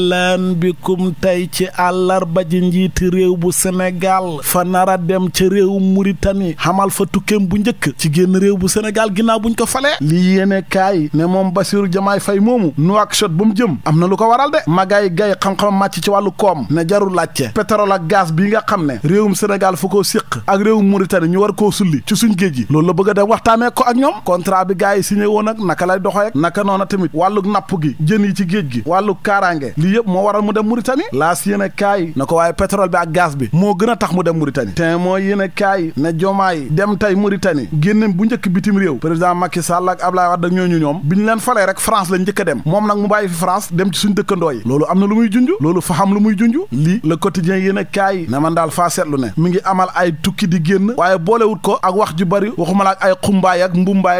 ahlan bikum tey ci àllarba ji njiiti réew bu Sénégal fa nara dem ca réew Mauritanie xamal fa tukkeem bu njëkk ci génn réew bu Sénégal ginnaaw buñ ko falee lii yéene kaay ne moom Bassirou jamaay fay moomu Nouakchott ba mu jëm am na lu ko waral de magaay gay xam-xam màcc ci wàllu koom ne jarul laajte pétrole ak gaz bii nga xam ne réewum Sénégal fu ko siq ak réewum Mauritanie ñu war koo sulli ci suñ géej gi loolu la bëgg a dem waxtaanee ko ak ñoom contrat bi gars yi signé woon ak naka lay doxee naka noona tamit wàllu napp gi jën yi géej gi wàllu kaaraange lii yëpp moo waral mu dem Mauritanie laas yéen a kaay na ko waaye pétrole bi ak gaz bi moo gën a tax mu dem Mauritanie te moo yéen a kaay ne jomaay dem tey Mauritanie génneem bu njëkk bitim réew président Macky Sall ak Abdoulaye Wade ak ñooñu ñoom bi ñu leen falee rek France la njëkk dem moom nag mu bàyyi fi France dem ci suñ dëkkandoo yi loolu am na lu muy junj loolu fa xam lu muy junj lii le quotidien yéen a kaay ne man daal faa seetlu ne mi ngi amal ay tukki di génn waaye boolewut ko ak wax ju bari waxuma ay xumbaay ak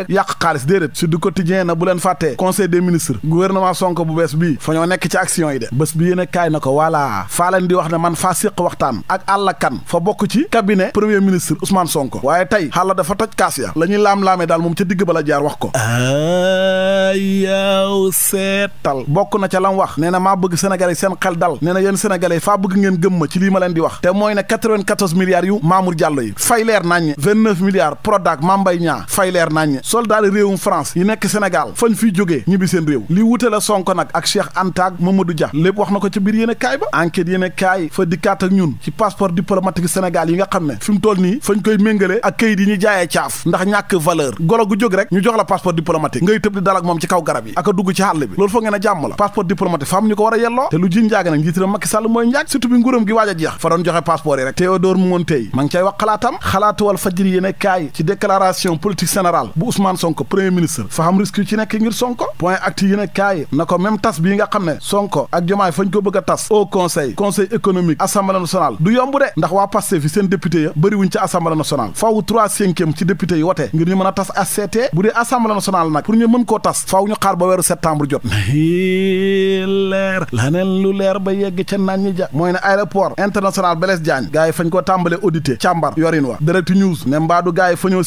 yàq xaalis déedéet su du bu leen fàttee conseil des ministres gouvernement Sonko bu bees bii fa ñoo yi de bés bi yéen a kaay na ko voilà faa leen di wax ne man faa séq waxtaan ak àlla kan fa bokk ci cabinet premier ministre Ousmane Sonko waaye tey xàlla dafa taj kaas ya la ñuy laam-laamee daal moom ca digg ba la jaar wax ko ayaw seetal bokk na ca lam wax nee na maa bëgg sénégalais seen xel dal nee na yéen sénégalais faa bëgg ngeen gëm ma ci lii ma leen di wax te mooy ne 94 milliards yu Mamour Diallo yi fay leer naññ 29 milliards Prodac Mambay Niang fay leer naññ France yi nekk Sénégal fañ fiy jógee ñibbi seen réew li wute la Sonko nag ak Cheikh Anta ak Mamadou Dia lépp wax na ko ci biir yéen a kaay ba enquête yéen a kaay fa dikkaat ak ñun ci passeport diplomatique Sénégal yi nga xam ne fi mu toll nii fañ koy méngale ak këyit yi ñu jaayee caaf ndax ñàkk valeur golo gu jóg rek ñu jox la passeport diplomatique ngay tëb di dal moom ci kaw garab yi ak a dugg ci xàll bi loolu foog ngeen a jàmm la passeport diplomatique fa am ñu ko war a yelloo te lu ji njaag nag njiitam Macky Sall mooy njaag surtout bi nguuram gi waaj a jeex a kaay ci déclaration politique a kaay na ko ak jomaay fañ ko bëgg a tas au conseil conseil économique assemblée nationale du yomb de ndax waa Pastef fi seen député ya bëri wuñ ci assemblée nationale ci député yi wote ngir ñu mën a tas ACT bu dee assemblée nationale nag pour ñu mën koo tas faaw ñu xaar ba weeru septembre jot leer laneen lu leer ba yegg ca naan ñi ja mooy ne aéroport international Blaise Diagne gars yi fañ ko tàmbale audité càmbar yorin wa direct news ne mbaadu gars yi fa ñoo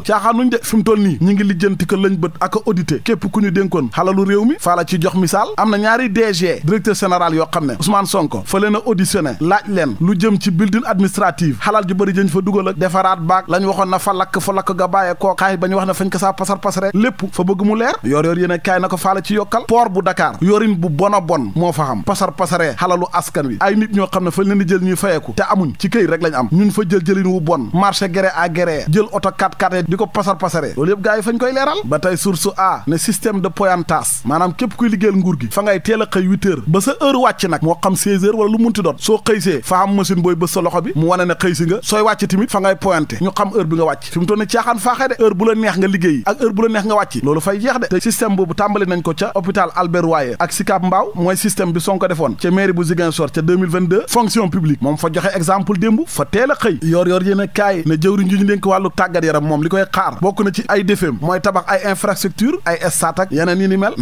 xalal caaxaanuñ de fi mu toll nii ñu ngi lijjanti ko lañ bët ak a képp ku ñu dénkoon xalalu réew mi faa la ci jox misaal am na ñaari DG directeur général yoo xam ne Ousmane Sonko fa leen a auditionné laaj leen lu jëm ci building administrative xalal ju bëri jëñ fa dugal ak defaraat baak lañ waxoon na fa lakk fa lakk ga bàyyee koo xaay ba ñu wax ne fañ ko saa pasar pasare lépp fa bëgg leer yoor yoor a kaay na ko faala ci yokkal port bu Dakar yorin bu bon a bon moo fa xam pasar xalalu askan wi ay nit ñoo xam ne fañ leen di jël ñuy fayeku te amuñ ci këy rek lañ am ñun fa jël jëlin wu bon marché gré à gré oto 4 x paree di ko pasar pasaree loolu yëpp gars yi fañ koy leeral ba tey a ne système de pointage maanaam képp kuy liggéeyal nguur gi fa ngay teel xëy huit ba sa heure wàcc nag moo xam seize heures lu munti doon soo xëysee fa am machine booy bës sa loxo bi mu wane ne xëy nga sooy wàcc tamit fa ngay pointé ñu xam heure bi nga wàcc fi mu caaxaan faaxee de heure bu la neex nga liggéey ak heure bu la neex nga wàcc loolu fay jeex de te boobu tàmbali koy xaar bokk na ci ay défeem mooy tabax ay infrastructure ay stade ak yeneen yi ni mel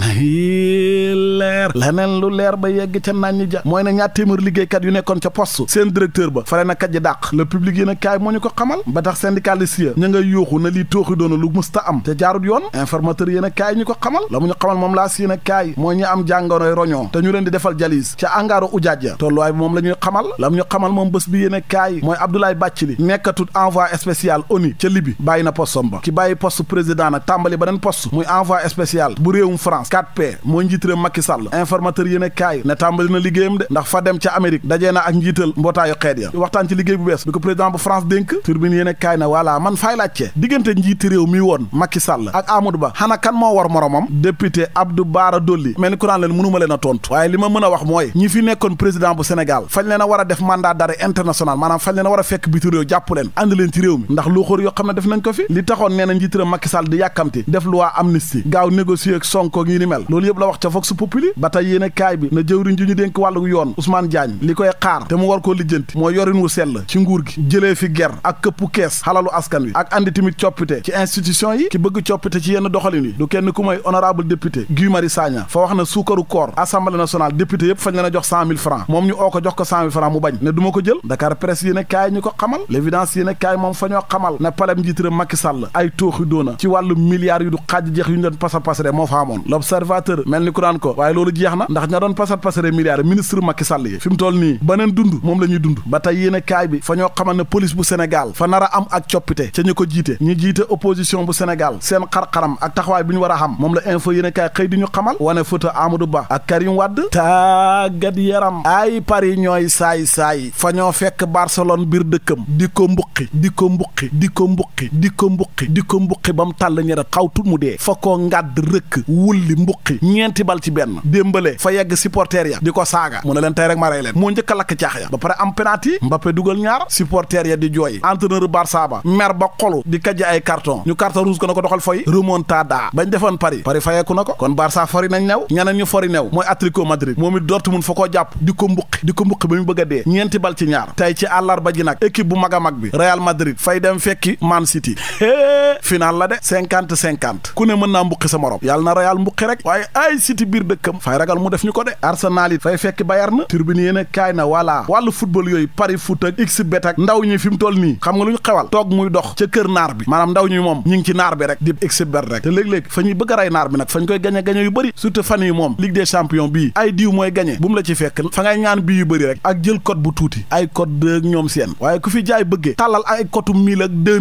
leer nen lu leer ba yegg ca naan ñi ja mooy na ñaar téeméer liggéeykat yu nekkoon ca post seen directeur ba fare na kat ji dàq le public yéen a kaay moo ñu ko xamal ba tax syndicaliste ya ña ngay yuuxu na lii tooxi doona lu musta am te jaarut yoon informateur yéen a kaay ñu ko xamal la mu ñu xamal moom laas yéen a kaay mooy ñi am jàngoroy roñoo te ñu leen di defal jalis ca angaaru ujaaj ja tolluwaay moom la ñuy xamal la mu ñu moom bés bi yéen a kaay mooy Abdoulaye Bathily nekkatut envoi spécial ONU ca Libye bàyyi na postom ba ki bàyyi poste président nag tàmbali beneen poste muy envoyé spécial bu réewum France 4P mooy njiitëram Macky Sall informateur yéen a tàmbali na liggéeyam de ndax fa dem ca Amérique dajee na ak njiital mbootaayu xeet ya waxtaan ci liggéey bu bees bi ko président bu France dénk turbine yéen a kaay man fay laajte diggante njiiti réew mi woon Macky Sall ak Amadou Ba xana kan moo war moromam député Abdou Bara Dolly mel ko fi li taxoon nee na njiitëram Macky Sall di yàkkamti def loi amnistie gaaw négocier ak Sonko ak ni mel loolu yëpp la wax ca Vox Populi ba tey yéene kaay bi na jëwriñ ji ñu dénk wàllu yoon Ousmane Diagne li koy xaar te mu war koo lijjanti moo yorin wu sell ci nguur gi jëlee fi ger ak këppu kees xalalu askan wi ak andi tamit coppite ci institution yi ki bëgg coppite ci yenn doxalin yi du kenn ku may honorable député Guy Marius fa wax na suukaru koor a jox cent mille francs oo ko jox ko cent mille francs ma ko Sall ay tooxi doona ci wàllu milliards yu du xaaj jeex yu ñu doon pasar pasare moo fa amoon l'observateur mel ni ku naan ko waaye loolu jeex na ndax ña doon pasar pasare milliards ministre Macky Sall yi fi mu nii beneen dund moom la dund ba tey yéen a kaay bi fa ñoo xamal ne police bu Sénégal fa nar a am ak coppite ca ñu ko jiite ñu jiite opposition bu Sénégal seen xar ak taxawaay bi ñu war a xam moom la info yéen a kaay xëy di ñu xamal wane foto Amadou Ba ak Karim Wade tàggat di ko mbuqi di ko mbuqi di ko mbuqi di ko mbuqi di ko mbuqi ba mu tàll ñere xawtu mu dee fa koo ngàdd rëkk wulli mbuqi ñeenti bal ci benn démbale fa yegg supporter ya di ko saaga mu ne leen tey rek ma rey leen moo njëkk a lakk caax ya ba pare am penalty Mbappé dugal ñaar supporter ya di jooy entraîneur Barça mer ba xolu di kajj ay carton ñu carton rouge ko na ko doxal foy remontada bañ defoon Paris Paris fayeeku na ko kon Barça fori nañ new ñeneen ñu fori new mooy Atlético Madrid moom it Dortmund fa koo jàpp di ko mbuqi di ko mbuqi ba mu bëgg a dee ñeenti bal ci ñaar tey ci àllarba ji nag équipe bu mag a mag bi Real Madrid fay dem fekki Man final la de cinquante cinquante ku ne mën naa mbuqi sa morom yal na Real mbuqi rek waaye ay City biir dëkkam fay ragal mu def ñu ko de Arsenal it fay fekk Bayern turbine yéen a kaay na voilà wàllu football yooyu Paris foot ak xbet ak ndaw ñi fi mu toll nii xam nga lu ñu xewal toog muy dox ca kër naar bi maanaam ndaw ñi moom ñi ngi ci naar bi rek di xbet rek te léeg-léeg fa ñuy bëgg a rey naar bi nag fañ koy gañe gañe yu bëri surtout fan yi moom Ligue des champions bii ay diw mooy gañe bu ngay ñaan bi yu bëri rek ak jël code bu tuuti ay code de ñoom seen waaye fi jaay bëggee tàllal ay code mille ak deux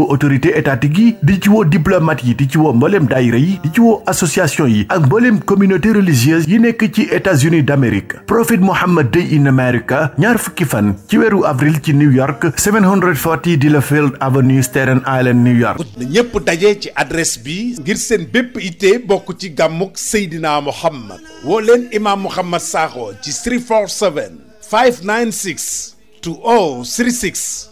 woo autorité étatique yi di ci di ci woo mbooleem daayira di ci yi ak mbooleem communauté religieuse yi nekk ci États-Unis d'Amérique Prophet Muhammad Day in America ñaar fukki fan ci weeru avril ci New York 740 Delafield Avenue Staten Island New York na ñépp daje ci adresse bi ngir seen bépp ité bokk ci gàmmuk Seydina Muhammad woo leen imaam Muhammad Sakho ci 347 596 2036